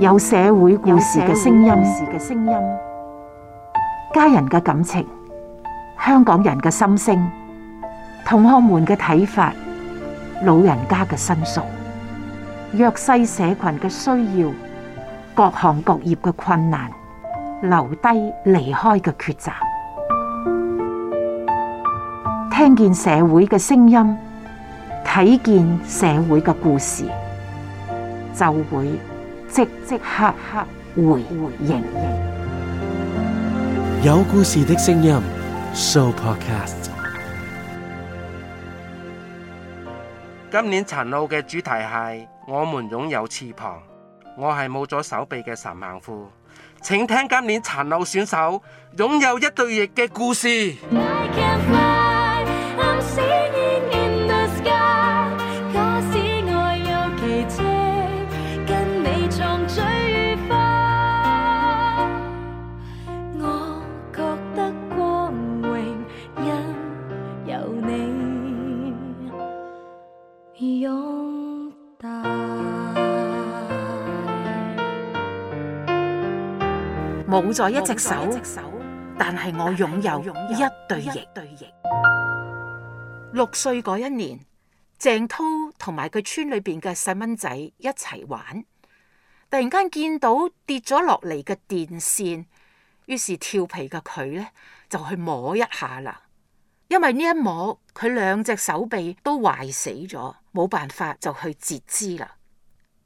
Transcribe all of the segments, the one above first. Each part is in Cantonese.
有社會故事嘅聲音，家人嘅感情，香港人嘅心聲，同學們嘅睇法，老人家嘅申訴，弱勢社群嘅需要，各行各業嘅困難，留低離開嘅抉擇，聽見社會嘅聲音，睇見社會嘅故事，就會。即即刻刻，直直回回應有故事的聲音，So Podcast。今年殘奧嘅主題係，我們擁有翅膀，我係冇咗手臂嘅神行夫，請聽今年殘奧選手擁有一對翼嘅故事。冇咗一隻手，但係我擁有一對翼。六歲嗰一年，鄭濤同埋佢村裏邊嘅細蚊仔一齊玩，突然間見到跌咗落嚟嘅電線，於是調皮嘅佢咧就去摸一下啦。因為呢一摸，佢兩隻手臂都壞死咗，冇辦法就去截肢啦。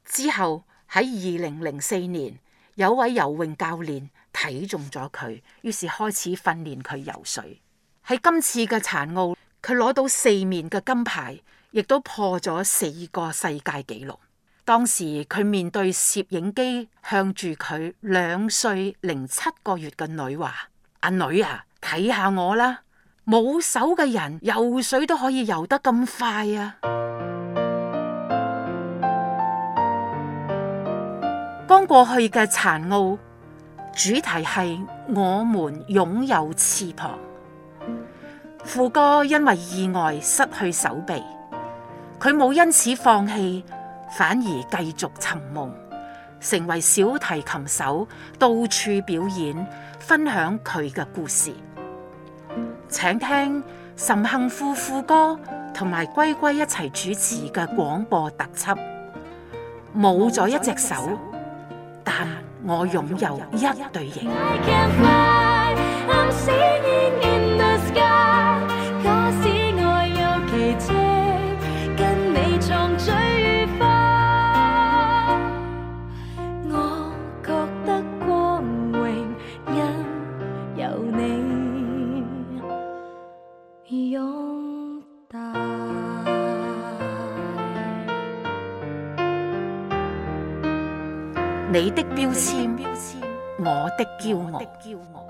之後喺二零零四年，有位游泳教練。睇中咗佢，於是開始訓練佢游水。喺今次嘅殘奧，佢攞到四面嘅金牌，亦都破咗四個世界紀錄。當時佢面對攝影機，向住佢兩歲零七個月嘅女話：阿女啊，睇下我啦，冇手嘅人游水都可以游得咁快啊！剛過去嘅殘奧。主題係我們擁有翅膀，富哥因為意外失去手臂，佢冇因此放棄，反而繼續尋夢，成為小提琴手，到處表演，分享佢嘅故事。請聽岑幸富富哥同埋龜龜一齊主持嘅廣播特輯。冇咗一隻手，只手但。我擁有一對翼。你的標籤，標籤，我的驕傲。我的驕傲。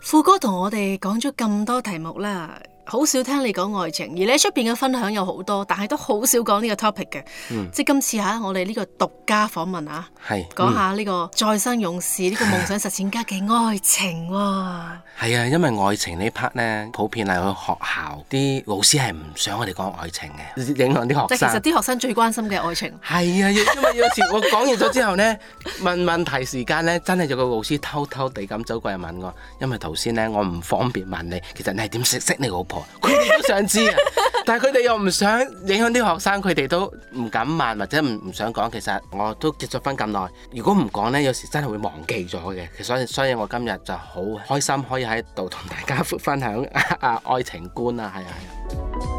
富哥同我哋講咗咁多題目啦。好少聽你講愛情，而呢出邊嘅分享有好多，但係都好少講呢個 topic 嘅。嗯、即係今次嚇我哋呢個獨家訪問嚇，嗯、講下呢個再生勇士呢、呢個夢想實踐家嘅愛情喎、啊。係啊，因為愛情呢 part 呢，普遍係去學校啲老師係唔想我哋講愛情嘅，影響啲學生。其實啲學生最關心嘅愛情。係啊，因為有時我講完咗之後呢， 問問題時間呢，真係有個老師偷偷地咁走過嚟問我，因為頭先呢，我唔方便問你，其實你係點識識你老婆？佢哋都想知啊，但係佢哋又唔想影響啲學生，佢哋都唔敢問或者唔唔想講。其實我都結咗婚咁耐，如果唔講呢，有時真係會忘記咗嘅。所以所以我今日就好開心，可以喺度同大家分享啊 愛情觀啊，係啊，係啊。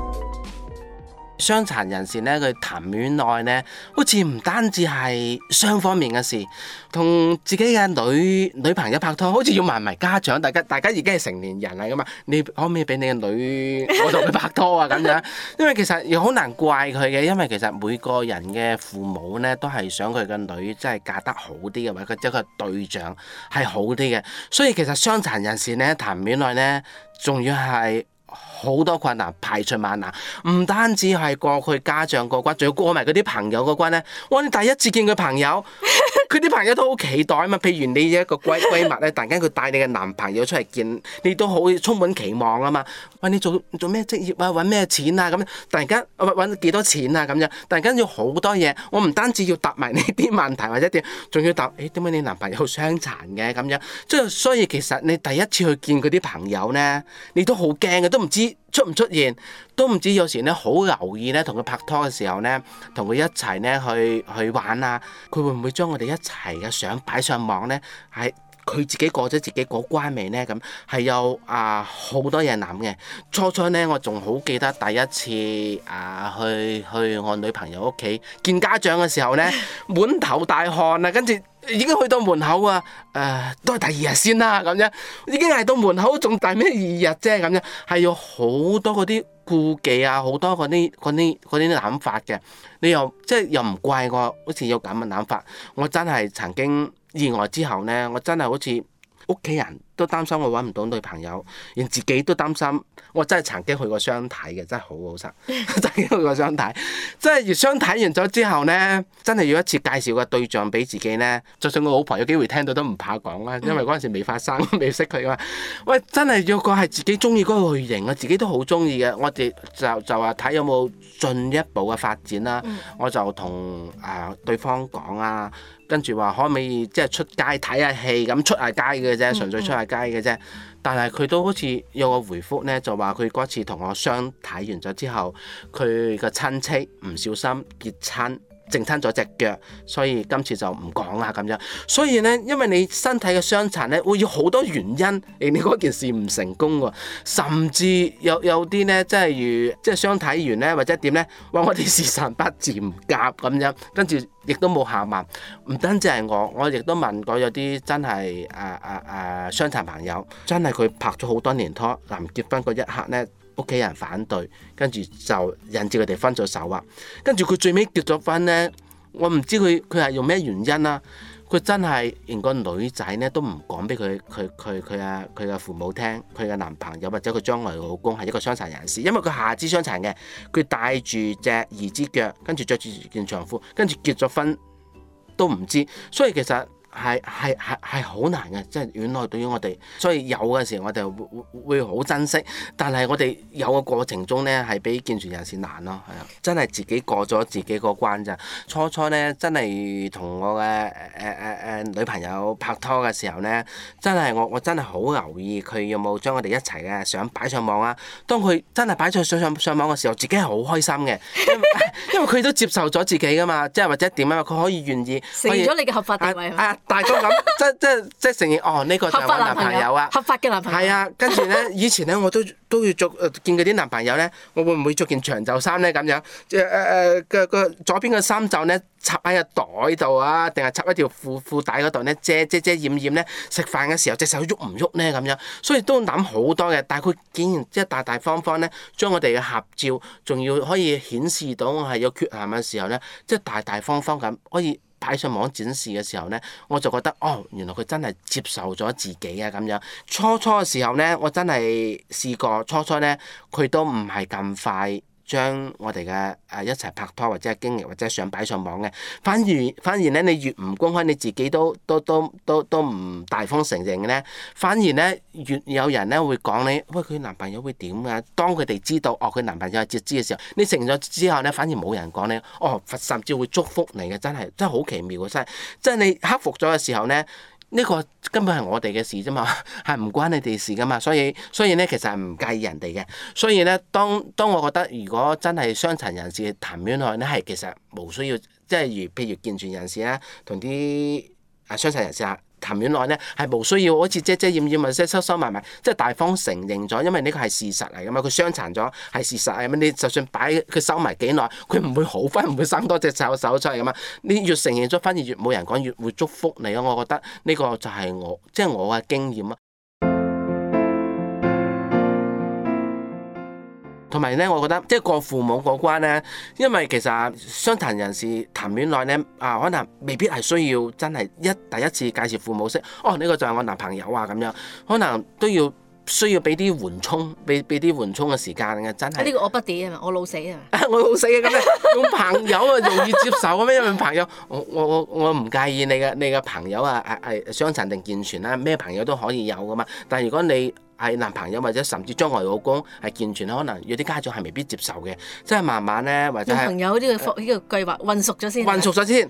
傷殘人士咧，佢談戀愛呢，好似唔單止係雙方面嘅事，同自己嘅女女朋友拍拖，好似要埋埋家長，大家大家已經係成年人嚟噶嘛？你可唔可以俾你嘅女我同佢拍拖啊？咁樣，因為其實又好難怪佢嘅，因為其實每個人嘅父母呢，都係想佢嘅女真係嫁得好啲嘅，或者佢一個對象係好啲嘅，所以其實傷殘人士呢，談戀愛呢，仲要係。好多困難排除萬難，唔單止係過去家長過關，仲要過埋嗰啲朋友個關咧。哇！你第一次見佢朋友，佢啲朋友都好期待啊嘛。譬如你一個閨閨蜜咧，突然間佢帶你嘅男朋友出嚟見，你都好充滿期望啊嘛。喂，你做做咩職業啊？搵咩錢啊？咁突然間搵幾、啊、多錢啊？咁樣突然間要好多嘢，我唔單止要答埋呢啲問題或者點，仲要答誒點解你男朋友好傷殘嘅咁樣。即係所以其實你第一次去見佢啲朋友咧，你都好驚嘅，都唔知。出唔出現都唔知，有時咧好留意咧，同佢拍拖嘅時候咧，同佢一齊咧去去玩啊，佢會唔會將我哋一齊嘅相擺上網咧？係。佢自己過咗自己嗰關未呢？咁係有啊好多嘢諗嘅。初初呢，我仲好記得第一次啊去去我女朋友屋企見家長嘅時候呢，滿頭大汗啊，跟住已經去到門口啊，誒都係第二日先啦咁樣，已經係到門口，仲大咩二日啫咁樣，係有好多嗰啲顧忌啊，好多嗰啲嗰啲嗰啲諗法嘅。你又即係又唔怪我，好似有咁嘅諗法，我真係曾經。意外之後呢，我真係好似屋企人都擔心我揾唔到女朋友，連自己都擔心。我真係曾經去過相睇嘅，真係好老實。 曾經去過相睇，真係而相睇完咗之後呢，真係要一次介紹個對象俾自己呢。就算我老婆有機會聽到都唔怕講啦，因為嗰陣時未發生，未識佢嘛。喂，真係要個係自己中意嗰個類型啊，自己都好中意嘅。我哋就就話睇有冇進一步嘅發展啦。我就同誒、呃、對方講啊。跟住話可唔可以即係出街睇下戲，咁出下街嘅啫，純粹出下街嘅啫。嗯嗯，但係佢都好似有個回覆呢，就話佢嗰次同我相睇完咗之後，佢個親戚唔小心結親。淨攤咗隻腳，所以今次就唔講啦咁樣。所以呢，因為你身體嘅傷殘呢，會有好多原因，令你嗰件事唔成功喎。甚至有有啲呢，即係如即係相睇完呢，或者點呢？話我哋時辰八字唔夾咁樣，跟住亦都冇下文。唔單止係我，我亦都問過有啲真係誒誒誒傷殘朋友，真係佢拍咗好多年拖，臨、啊、結婚嗰一刻呢。屋企人反對，跟住就引致佢哋分咗手啊！跟住佢最尾結咗婚呢，我唔知佢佢係用咩原因啦、啊。佢真係連個女仔呢都唔講俾佢佢佢佢啊佢嘅父母聽，佢嘅男朋友或者佢將來老公係一個傷殘人士，因為佢下肢傷殘嘅，佢戴住隻二隻腳，跟住着住件長褲，跟住結咗婚都唔知，所以其實。係係係係好難嘅，即係戀愛對於我哋，所以有嘅時候我哋會會好珍惜。但係我哋有嘅過程中咧，係比健全人士難咯。係啊，真係自己過咗自己個關咋。初初咧，真係同我嘅誒誒誒女朋友拍拖嘅時候咧，真係我我真係好留意佢有冇將我哋一齊嘅相擺上網啊。當佢真係擺上上上網嘅時候，自己係好開心嘅，因為佢 都接受咗自己㗎嘛，即係或者點啊，佢可以願意成咗你嘅合法地位大方咁，即即即承認哦，呢、這個就係我男朋友啊，合法嘅男朋友、啊。係啊，跟住咧，以前咧，我都都要着、呃、見佢啲男朋友咧，我會唔會着件長袖衫咧？咁樣即誒誒，個、呃、個、呃呃、左邊個衫袖咧，插喺個袋度啊，定係插喺條褲褲帶嗰度咧，遮遮遮掩掩咧。食飯嘅時候隻手喐唔喐咧？咁樣，所以都諗好多嘅。但係佢竟然即、就是、大大方方咧，將我哋嘅合照，仲要可以顯示到我係有缺陷嘅時候咧，即、就是、大，大大方方咁可以。擺上網展示嘅時候呢，我就覺得哦，原來佢真係接受咗自己啊咁樣。初初嘅時候呢，我真係試過，初初呢，佢都唔係咁快。將我哋嘅誒，一齊拍拖、或者係經歷、或者係相擺上網嘅，反而反而咧，你越唔公開你自己都都都都都唔大方承認嘅咧，反而咧越有人咧會講你，喂佢男朋友會點㗎？當佢哋知道哦佢男朋友係截肢嘅時候，你承咗之後咧，反而冇人講你，哦甚至會祝福你嘅，真係真係好奇妙嘅真係，真係你克服咗嘅時候咧。呢個根本係我哋嘅事啫嘛，係唔關你哋事㗎嘛，所以所以呢，其實係唔介意人哋嘅。所以呢，當當我覺得如果真係傷殘人士談戀愛呢，係其實無需要，即係如譬如健全人士啦，同啲啊傷殘人士啊，談戀愛呢，係無需要好似遮遮掩遮掩或者收收埋埋，即係大方承認咗，因為呢個係事實嚟噶嘛，佢傷殘咗係事實啊！咁你就算擺佢收埋幾耐，佢唔會好翻，唔會生多隻手手出嚟噶嘛。你越承認咗，反而越冇人講，越會祝福你咯。我覺得呢個就係我即係、就係、我嘅經驗啊！同埋咧，我覺得即係過父母嗰關咧，因為其實傷殘人士談戀愛咧，啊，可能未必係需要真係一第一次介紹父母識哦，呢個就係我男朋友啊咁樣，可能都要需要俾啲緩衝，俾俾啲緩衝嘅時間嘅，真係。呢個我是不敵啊，我老死啊。 我老死啊咁啊，用朋友啊容易接受啊嘛，因為朋友，我我我我唔介意你嘅你嘅朋友啊，係係傷殘定健全啊。咩朋友都可以有噶嘛，但係如果你，係男朋友或者甚至將來老公係健全，可能有啲家長係未必接受嘅，即係慢慢咧，或者係朋友啲嘅呢個計劃混熟咗先，混、呃、熟咗先。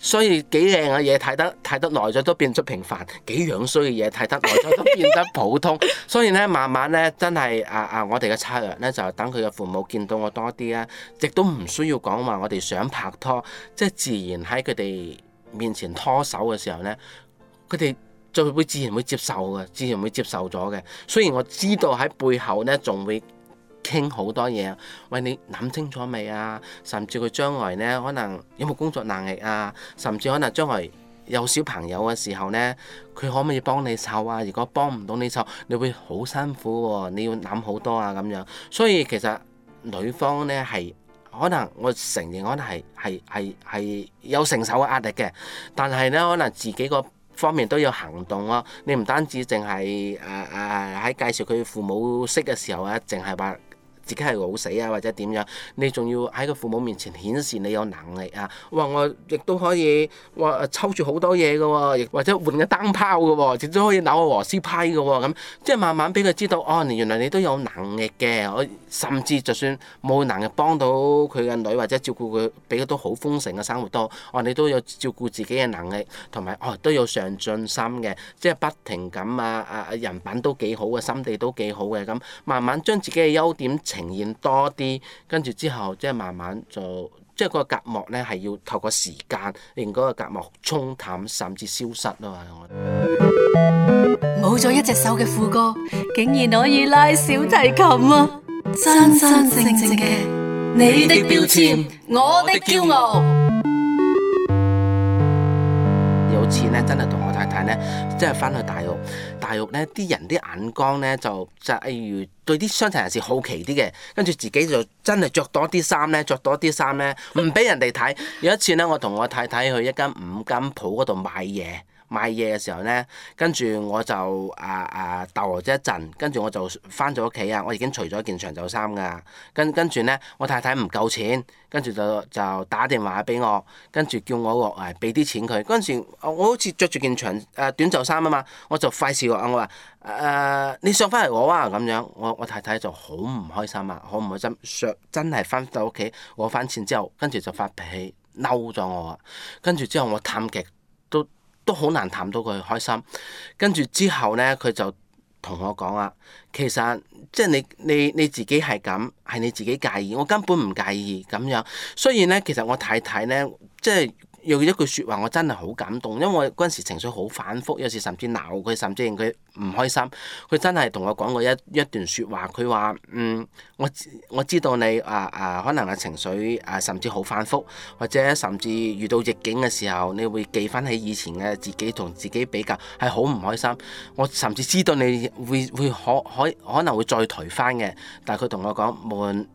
所以幾靚嘅嘢睇得睇得耐咗都變出平凡，幾樣衰嘅嘢睇得耐咗都變得普通。 所以咧，慢慢咧，真係啊啊！我哋嘅策略咧就等佢嘅父母見到我多啲啊，亦都唔需要講話。我哋想拍拖，即、就、係、是、自然喺佢哋面前拖手嘅時候咧，佢哋。就會自然會接受嘅，自然會接受咗嘅。雖然我知道喺背後呢，仲會傾好多嘢。喂，你諗清楚未啊？甚至佢將來呢，可能有冇工作能力啊？甚至可能將來有小朋友嘅時候呢，佢可唔可以幫你湊啊？如果幫唔到你湊，你會好辛苦喎，啊。你要諗好多啊咁樣。所以其實女方呢，係可能我承認可能係係係係有承受嘅壓力嘅，但係呢，可能自己個。方面都要行動咯，你唔單止淨係誒誒喺介紹佢父母識嘅時候啊，淨係話。自己係老死啊，或者點樣？你仲要喺個父母面前顯示你有能力啊！哇，我亦都可以哇抽住好多嘢嘅喎，亦或者換個燈泡嘅喎、啊，亦都可以扭個螺絲批嘅喎咁，即係慢慢俾佢知道哦，原來你都有能力嘅。我甚至就算冇能力幫到佢嘅女或者照顧佢，俾佢都好豐盛嘅生活都哦，你都有照顧自己嘅能力，同埋哦都有上進心嘅，即係不停咁啊啊！人品都幾好嘅，心地都幾好嘅咁，慢慢將自己嘅優點，呈現多啲，跟住之後即係慢慢做就，即係個隔膜咧，係要透過時間令嗰個隔膜沖淡甚至消失啊嘛！我冇咗一隻手嘅副歌，竟然可以拉小提琴啊！真真正正嘅你的標籤，的我的驕傲。有錢咧，真係同。即係翻去大陸，大陸咧啲人啲眼光咧就就例如對啲傷殘人士好奇啲嘅，跟住自己就真係着多啲衫咧，着多啲衫咧，唔俾人哋睇。有一次咧，我同我太太去一間五金鋪嗰度買嘢。買嘢嘅時候呢，跟住我就啊啊鬥咗一陣，跟住我就翻咗屋企啊！我已經除咗件長袖衫㗎，跟跟住呢，我太太唔夠錢，跟住就就打電話俾我，跟住叫我誒俾啲錢佢。嗰陣時我好似着住件長誒短袖衫啊嘛，我就費事話我話誒、呃、你上翻嚟我啊咁樣，我我太太就好唔開心啊，好唔開心。上真係翻到屋企，我翻錢之後，跟住就發脾氣嬲咗我啊，跟住之後我探極。都好難氹到佢開心，跟住之後呢，佢就同我講啦，其實即係你你你自己係咁，係你自己介意，我根本唔介意咁樣。雖然呢，其實我太太呢，即係。用一句説話，我真係好感動，因為我嗰陣時情緒好反覆，有時甚至鬧佢，甚至令佢唔開心。佢真係同我講過一一段説話，佢話：嗯，我我知道你啊啊，可能係情緒啊，甚至好反覆，或者甚至遇到逆境嘅時候，你會記翻起以前嘅自己同自己比較，係好唔開心。我甚至知道你會會，會，會可可可能會再頹翻嘅，但係佢同我講無論，無論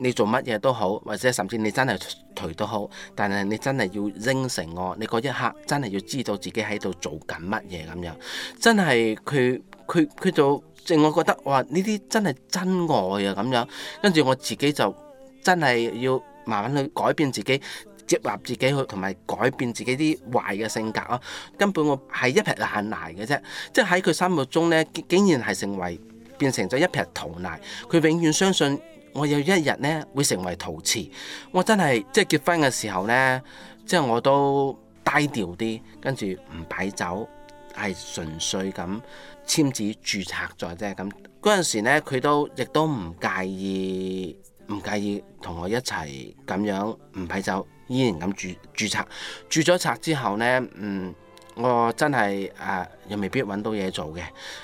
你做乜嘢都好，或者甚至你真係攰都好，但係你真係要應承我，你嗰一刻真係要知道自己喺度做緊乜嘢咁樣，真係佢佢佢就，令我覺得哇呢啲真係真愛啊咁樣，跟住我自己就真係要慢慢去改變自己，接納自己去同埋改變自己啲壞嘅性格啊，根本我係一撇爛泥嘅啫，即係喺佢心目中呢，竟然係成為變成咗一撇陶泥，佢永遠相信。我有一日呢會成為陶瓷，我真係即係結婚嘅時候呢，即係我都低調啲，跟住唔擺酒，係純粹咁簽紙註冊咗啫。係、那、咁、個。嗰陣時呢，佢都亦都唔介意，唔介意同我一齊咁樣唔擺酒，依然咁註註冊。註咗冊，冊之後呢。嗯。我真係誒、啊，又未必揾到嘢做嘅。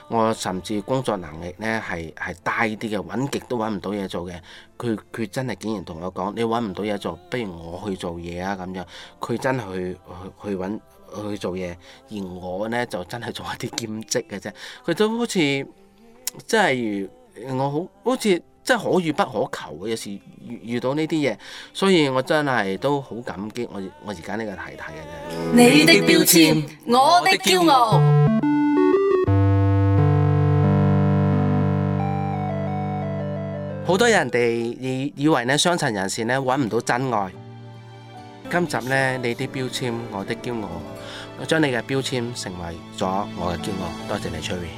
我甚至工作能力呢係係低啲嘅，揾極都揾唔到嘢做嘅。佢佢真係竟然同我講：「你揾唔到嘢做，不如我去做嘢啊！咁樣，佢真係去去去揾去做嘢，而我呢就真係做一啲兼職嘅啫。佢都好似即係，我好好似。真係可遇不可求嘅，有時遇遇到呢啲嘢，所以我真係都好感激我我而家呢個太太嘅啫。你的標籤，我的驕傲。好多人哋以以為咧，傷殘人士咧揾唔到真愛。今集呢，你啲標籤，我的驕傲，我將你嘅標籤成為咗我嘅驕傲，多謝你，Cherry。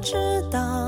Ch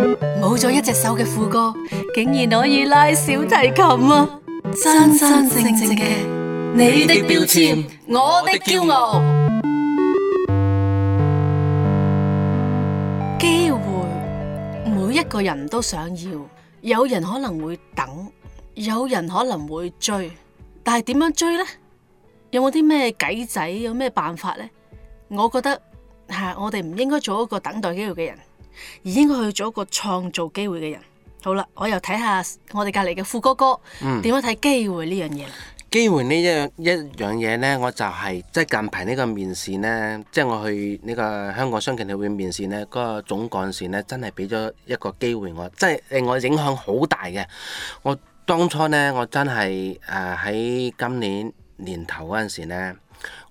咗一隻手嘅副歌，竟然可以拉小提琴啊！真真正正嘅，你的標籤，我的驕傲。機會，每一個人都想要。有人可能會等，有人可能會追，但係點樣追咧？有冇啲咩計仔？有咩辦法咧？我覺得吓，我哋唔應該做一個等待機會嘅人。而應該去做一個創造機會嘅人。好啦，我又睇下我哋隔離嘅富哥哥點樣睇機會呢樣嘢。機會呢一一樣嘢呢，我就係、是、即係近排呢個面試呢，即係我去呢個香港商企協會面試呢，嗰、那個總幹事咧，真係俾咗一個機會我，即係令我影響好大嘅。我當初呢，我真係誒喺今年年頭嗰陣時咧，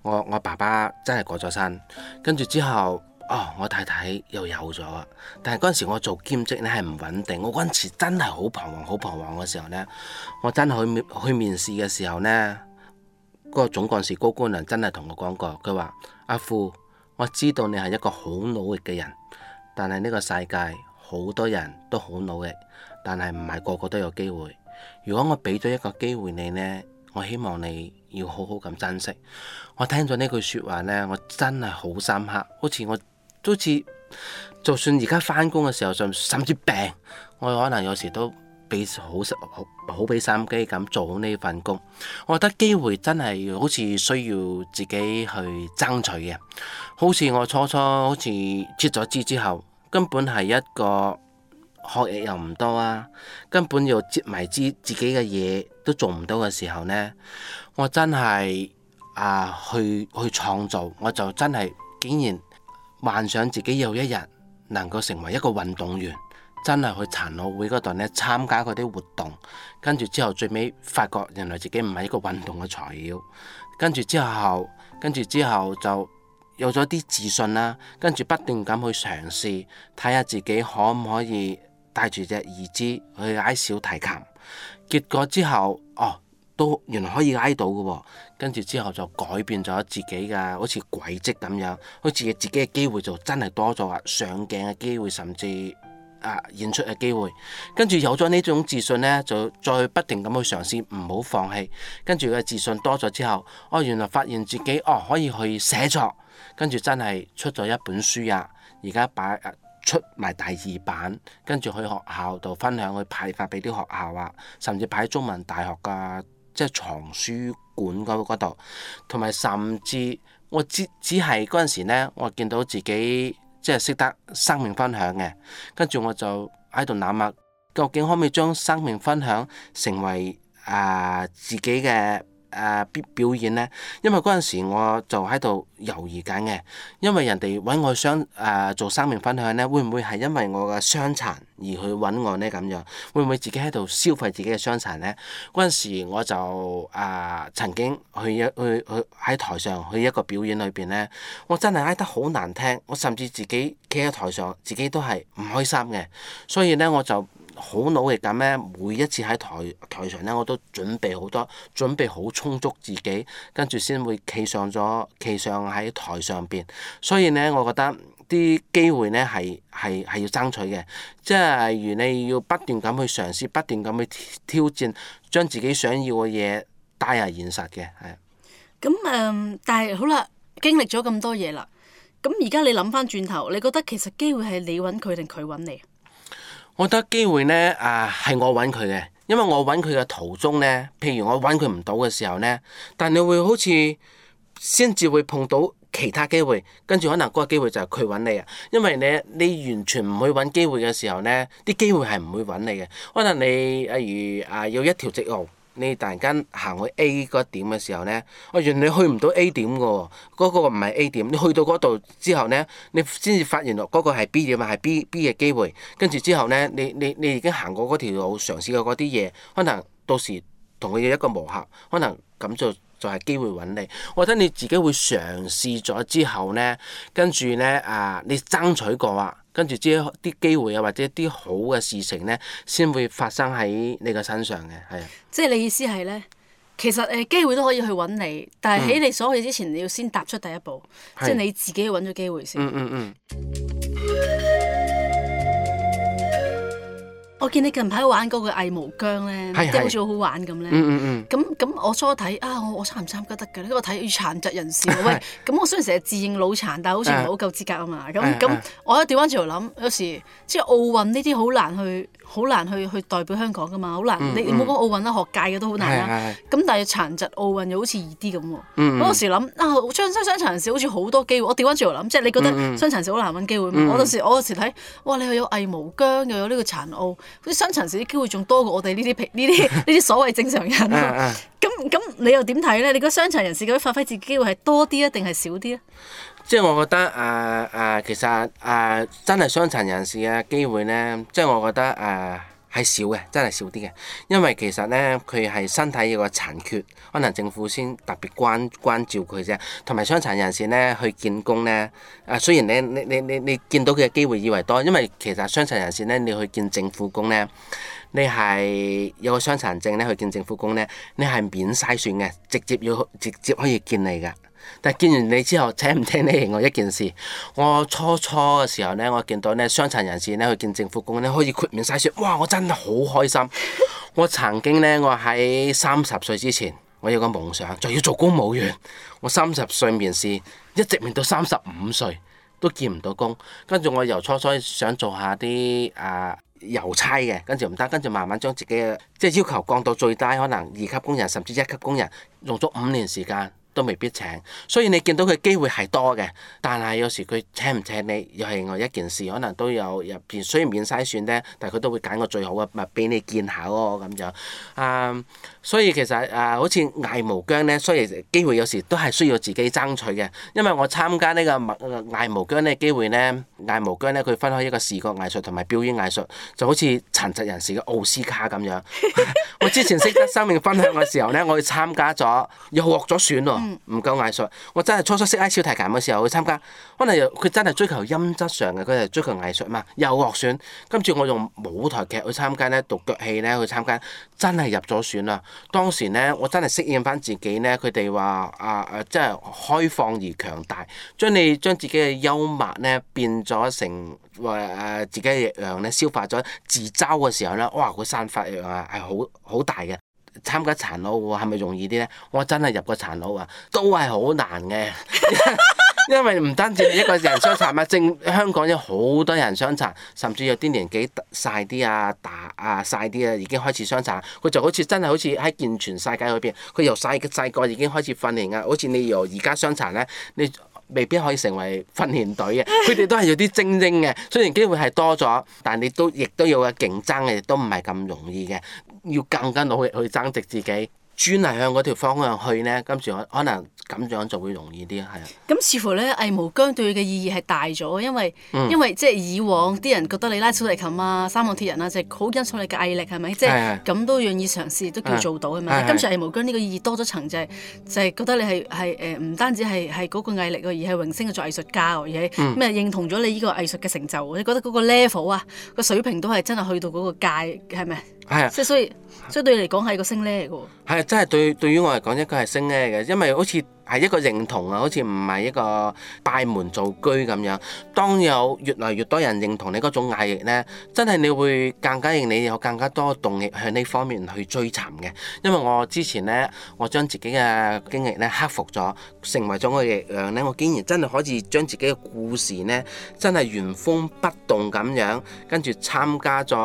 我我爸爸真係過咗身，跟住之後。哦，我太太又有咗啊！但係嗰陣時我做兼職呢係唔穩定，我嗰陣時真係好彷徨，好彷徨嘅時候呢，我真係去去面試嘅時候呢，嗰、嗰個總幹事高官娘真係同我講過，佢話：阿富，我知道你係一個好努力嘅人，但係呢個世界好多人都好努力，但係唔係個個都有機會。如果我俾咗一個機會你呢，我希望你要好好咁珍惜。我聽咗呢句說話呢，我真係好深刻，好似我。都似，就算而家返工嘅時候，甚甚至病，我可能有時都俾好，好，好心好好俾心機咁做好呢份工。我覺得機會真係好似需要自己去爭取嘅。好似我初初好似接咗資之後，根本係一個學嘢又唔多啊，根本又接埋資自己嘅嘢都做唔到嘅時候呢，我真係啊去去創造，我就真係竟然。幻想自己有一日能夠成為一個運動員，真係去殘奧會嗰度咧參加嗰啲活動，跟住之後最尾發覺原來自己唔係一個運動嘅材料，跟住之後跟住之後就有咗啲自信啦。跟住不斷咁去嘗試，睇下自己可唔可以帶住隻兒子去挨小提琴。結果之後哦。都原來可以挨到嘅、哦，跟住之後就改變咗自己嘅，好似軌跡咁樣，好似自己嘅機會就真係多咗啊！上鏡嘅機會，甚至啊演出嘅機會，跟住有咗呢種自信呢，就再不停咁去嘗試，唔好放棄。跟住嘅自信多咗之後，哦原來發現自己哦可以去寫作，跟住真係出咗一本書啊！而家擺出埋第二版，跟住去學校度分享去派發俾啲學校啊，甚至派喺中文大學嘅、啊。即係藏書館嗰度，同埋甚至我只只係嗰陣時呢，我見到自己即係識得生命分享嘅，跟住我就喺度諗啊，究竟可唔可以將生命分享成為誒、呃、自己嘅？誒必、呃、表演呢？因為嗰陣時我就喺度猶豫緊嘅，因為人哋揾我想誒、呃、做生命分享呢，會唔會係因為我嘅傷殘而去揾我呢？咁樣？會唔會自己喺度消費自己嘅傷殘呢？嗰陣時我就誒、呃、曾經去一去去喺台上去一個表演裏邊呢，我真係嗌得好難聽，我甚至自己企喺台上，自己都係唔開心嘅，所以呢，我就。好努力咁咧，每一次喺台台上咧，我都準備好多，準備好充足自己，跟住先會企上咗，企上喺台上邊。所以咧，我覺得啲機會咧係係係要爭取嘅，即係如你要不斷咁去嘗試，不斷咁去挑戰，將自己想要嘅嘢帶入現實嘅，係。咁誒、嗯嗯，但係好啦，經歷咗咁多嘢啦，咁而家你諗翻轉頭，你覺得其實機會係你揾佢定佢揾你？我覺得機會呢，啊，係我揾佢嘅，因為我揾佢嘅途中呢，譬如我揾佢唔到嘅時候呢，但你會好似先至會碰到其他機會，跟住可能嗰個機會就係佢揾你啊，因為你你完全唔去揾機會嘅時候呢，啲機會係唔會揾你嘅，可能你例如啊，有一條直路。你突然間行去 A 個點嘅時候呢，我原來你去唔到 A 點嘅喎，嗰個唔係 A 點，你去到嗰度之後呢，你先至發現落嗰個係 B 點啊，係 B B 嘅機會。跟住之後呢，你你你已經行過嗰條路，嘗試過嗰啲嘢，可能到時同佢有一個磨合，可能咁就就係機會揾你。我覺得你自己會嘗試咗之後呢，跟住呢啊，你爭取過啊！跟住啲啲機會啊，或者啲好嘅事情咧，先會發生喺你嘅身上嘅，係啊。即係你意思係咧，其實誒呃、機會都可以去揾你，但係喺你所謂之前，嗯、你要先踏出第一步，是即係你自己去揾咗機會先。嗯嗯嗯。我見你近排玩嗰個魏無疆咧，是是即好似好好玩咁咧。咁咁是我初睇啊，我我參唔參加得㗎咧？我睇殘疾人士，是是喂，咁我雖然成日自認腦殘，但係好似唔係好夠資格啊嘛。咁咁我喺調翻轉頭諗，有時即係奧運呢啲好難去。好難去去代表香港噶嘛，好難。你冇講奧運啦、啊，嗯、學界嘅都好難啦、啊。咁、嗯、但係殘疾奧運又好似易啲咁喎。我有時諗啊，傷殘傷殘人士好似好多機會。我調翻轉頭諗，即係你覺得傷殘人士好難搵機會咩、嗯？我有時我有時睇，哇！你又有藝無疆，又有呢個殘奧，啲傷殘人士啲機會仲多過我哋呢啲呢啲呢啲所謂正常人、啊。咁咁、嗯、你又點睇咧？你覺得傷殘人士咁樣發揮自己機會係多啲啊，定係少啲咧？即係我覺得誒誒、呃呃，其實誒、呃、真係傷殘人士嘅機會呢，即係我覺得誒係少嘅，真係少啲嘅。因為其實呢，佢係身體有個殘缺，可能政府先特別關關照佢啫。同埋傷殘人士呢，去見工呢，誒，雖然你你你你你見到佢嘅機會以為多，因為其實傷殘人士呢，你去見政府工呢，你係有個傷殘證呢，去見政府工呢，你係免篩選嘅，直接要直接可以見你㗎。但見完你之後，請唔聽，聽你另外一件事。我初初嘅時候呢，我見到呢傷殘人士呢去見政府工呢，可以豁免晒稅，哇！我真係好開心。我曾經呢，我喺三十歲之前，我有個夢想，就要做公務員。我三十歲面試，一直面到三十五歲都見唔到工。跟住我由初初想做一下啲啊、呃、郵差嘅，跟住唔得，跟住慢慢將自己嘅即係要求降到最低，可能二級工人甚至一級工人，用咗五年時間。都未必請，所以你見到佢機會係多嘅，但係有時佢請唔請你又係另外一件事，可能都有入邊，雖然免篩選呢，但係佢都會揀個最好嘅咪俾你見下咯、哦、咁樣。誒、嗯，所以其實誒、啊，好似藝無疆呢，雖然機會有時都係需要自己爭取嘅，因為我參加呢個藝無疆咧機會呢，藝無疆呢，佢分開一個視覺藝術同埋表演藝術，就好似殘疾人士嘅奧斯卡咁樣。 我之前識得生命分享嘅時候呢，我去參加咗，又獲咗選喎。唔、嗯、夠藝術，我真係初初識拉小提琴嘅時候去參加，可能佢真係追求音質上嘅，佢係追求藝術嘛，又落選。跟住我用舞台劇去參加呢，獨腳戲呢去參加，真係入咗選啦。當時呢，我真係適應翻自己呢，佢哋話啊啊，即、啊、係開放而強大，將你將自己嘅幽默呢變咗成誒誒、啊、自己嘅力量呢，消化咗自嘲嘅時候呢，哇！個散發力量啊係好好大嘅。參加殘奧喎，係咪容易啲呢？我真係入過殘奧啊，都係好難嘅，因為唔單止一個人傷殘啊，正香港有好多人傷殘，甚至有啲年紀大啲啊、大啊細啲啊，已經開始傷殘。佢就好似真係好似喺健全世界裏面，佢由細細個已經開始訓練啊。好似你由而家傷殘呢，你未必可以成為訓練隊嘅。佢哋都係有啲精英嘅，雖然機會係多咗，但你都亦都有個競爭嘅，亦都唔係咁容易嘅。要更加努力去增值自己，專係向嗰條方向去咧。今次我可能咁樣就會容易啲，係啊。咁似乎咧，藝無疆對佢嘅意義係大咗，因為、嗯、因為即係以往啲人覺得你拉小提琴啊、三項鐵人啊，即係好欣賞你嘅毅力係咪？即係咁都願意嘗試，都叫做到啊嘛。是是嗯、今次藝無疆呢個意義多咗層、就係，就係就係覺得你係係誒唔單止係係嗰個毅力而係榮升做藝術家而，嗯、而係咩認同咗你呢個藝術嘅成就，你者覺得嗰個 level 啊個水平都係真係去到嗰個界係咪？是係啊，即係所以，相你嚟講係個升呢嘅。係，真係對對於我嚟講，一個係升呢嘅，因為好似係一個認同啊，好似唔係一個閉門造居咁樣。當有越來越多人認同你嗰種毅力咧，真係你會更加認你有更加多動力向呢方面去追尋嘅。因為我之前咧，我將自己嘅經歷咧克服咗，成為咗我力量咧，我竟然真係可以將自己嘅故事呢，真係原封不動咁樣跟住參加咗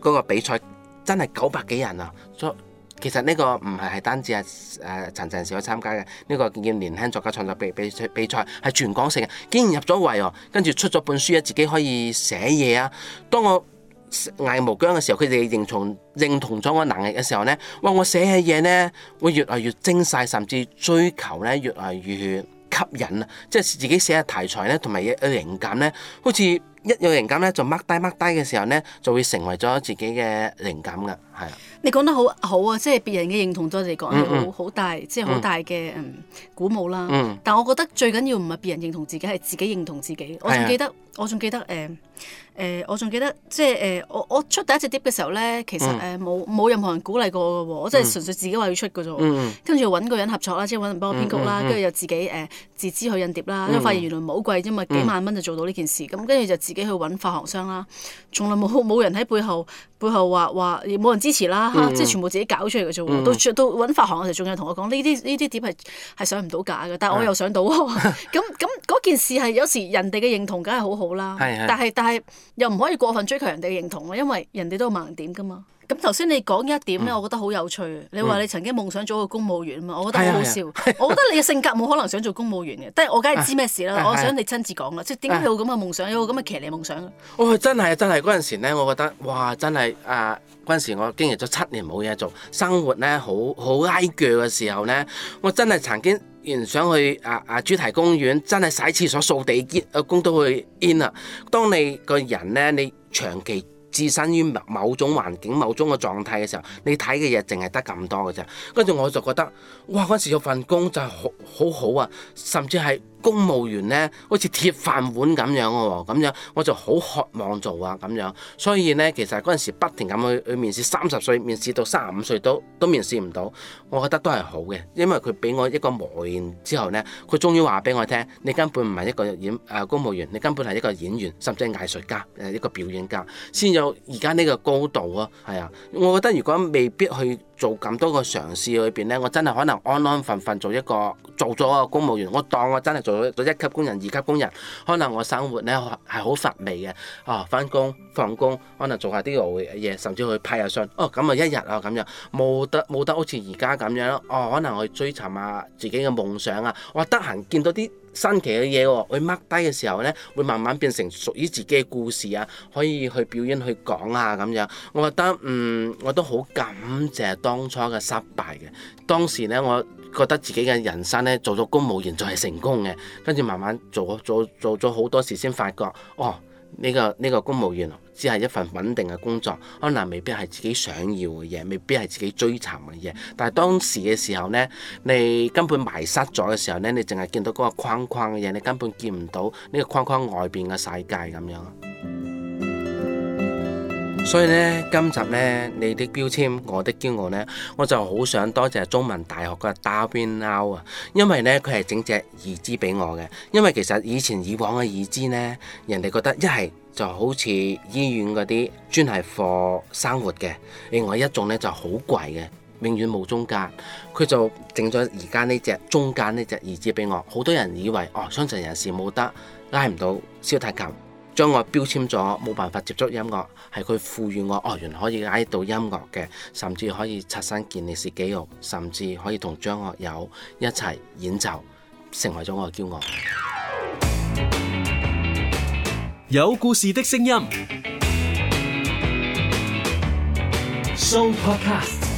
嗰個比賽。真係九百幾人啊！所，其實呢個唔係係單止係誒陳靜時去參加嘅，呢個叫年輕作家創作比比賽，比賽係全港性嘅。竟然入咗圍哦，跟住出咗本書啊，自己可以寫嘢啊。當我捱無疆嘅時候，佢哋認從認同咗我能力嘅時候呢，哇！我寫嘅嘢呢會越來越精細，甚至追求呢越來越吸引啊！即係自己寫嘅題材呢，同埋嘅靈感呢，好似～一有靈感咧，就掹低掹低嘅時候咧，就會成為咗自己嘅靈感噶，係啊！你講得好好啊，即係別人嘅認同在嚟講，有好大，即係好大嘅鼓舞啦。但我覺得最緊要唔係別人認同自己，係自己認同自己。我仲記得，我仲記得誒誒，我仲記得即係誒，我我出第一隻碟嘅時候咧，其實誒冇冇任何人鼓勵過我喎，我真係純粹自己話要出嘅啫。跟住揾個人合作啦，即係揾人幫我編曲啦，跟住又自己誒自資去印碟啦，因為發現原來唔好貴啫嘛，幾萬蚊就做到呢件事。咁跟住就自自己去揾發行商啦，從來冇冇人喺背後背後話話，冇人支持啦，mm hmm. 啊、即係全部自己搞出嚟嘅啫喎。到到揾發行嘅時候，仲有同我講呢啲呢啲點係係上唔到架嘅，但我又想到喎、喔。咁咁 件事係，有時人哋嘅認同梗係好好啦， 但係但係又唔可以過分追求人哋嘅認同，因為人哋都有盲點㗎嘛。咁頭先你講一點咧，我覺得好有趣。你話你曾經夢想做個公務員啊嘛，我覺得好好笑。我覺得你嘅性格冇可能想做公務員嘅，但係我梗係知咩事啦。我想你親自講啦，即係點解有咁嘅夢想，有咁嘅騎呢夢想、嗯？嗯、哦，真係真係嗰陣時咧，我覺得哇，真係啊！嗰陣時我經歷咗七年冇嘢做，生活咧好好挨腳嘅時候咧，我真係曾經想去啊啊主題、啊、公園，真係洗廁所、掃地、工都去 in 啦。當你個人咧，你長期。置身於某種環境、某種嘅狀態嘅時候，你睇嘅嘢淨係得咁多嘅啫。跟住我就覺得，哇！嗰時有份工就係好好好啊，甚至係。公務員呢，好似鐵飯碗咁樣喎、啊，咁樣我就好渴望做啊，咁樣所以呢，其實嗰陣時不停咁去去面試，三十歲面試到三十五歲都都面試唔到，我覺得都係好嘅，因為佢俾我一個磨練之後呢，佢終於話俾我聽，你根本唔係一個演誒、呃、公務員，你根本係一個演員，甚至係藝術家誒、呃、一個表演家，先有而家呢個高度啊，係啊，我覺得如果未必去。做咁多個嘗試裏邊呢，我真係可能安安分分做一個做咗個公務員，我當我真係做咗一級工人、二級工人，可能我生活呢係好乏味嘅。哦，返工放工，可能做下啲嘢，甚至去派下信。哦，咁啊一日啊咁樣，冇得冇得，好似而家咁樣咯。哦，可能去追尋下、啊、自己嘅夢想啊，我得閒見到啲。新奇嘅嘢喎，佢掹低嘅時候呢，會慢慢變成屬於自己嘅故事啊，可以去表演、去講啊咁樣。我覺得，嗯，我都好感謝當初嘅失敗嘅。當時呢，我覺得自己嘅人生呢，做咗公務員就係成功嘅。跟住慢慢做做做咗好多事，先發覺哦，呢個呢個公務員，只係一份穩定嘅工作，可能未必係自己想要嘅嘢，未必係自己追尋嘅嘢。但係當時嘅時候呢，你根本埋塞咗嘅時候呢，你淨係見到嗰個框框嘅嘢，你根本見唔到呢個框框外邊嘅世界咁樣。所以咧，今集咧，你的標籤，我的驕傲呢，我就好想多謝中文大學嘅 Darwin Lau 啊，因為呢，佢係整隻義肢俾我嘅。因為其實以前以往嘅義肢呢，人哋覺得一係就好似醫院嗰啲專係課生活嘅，另外一種呢就好貴嘅，永遠冇中間。佢就整咗而家呢隻中間呢隻義肢俾我。好多人以為哦，傷殘人士冇得拉唔到小提琴。將我標籤咗，冇辦法接觸音樂，係佢賦予我哦，原來可以喺度音樂嘅，甚至可以刷新健力士紀錄，甚至可以同張學友一齊演奏，成為咗我嘅驕傲。有故事的聲音，Show Podcast。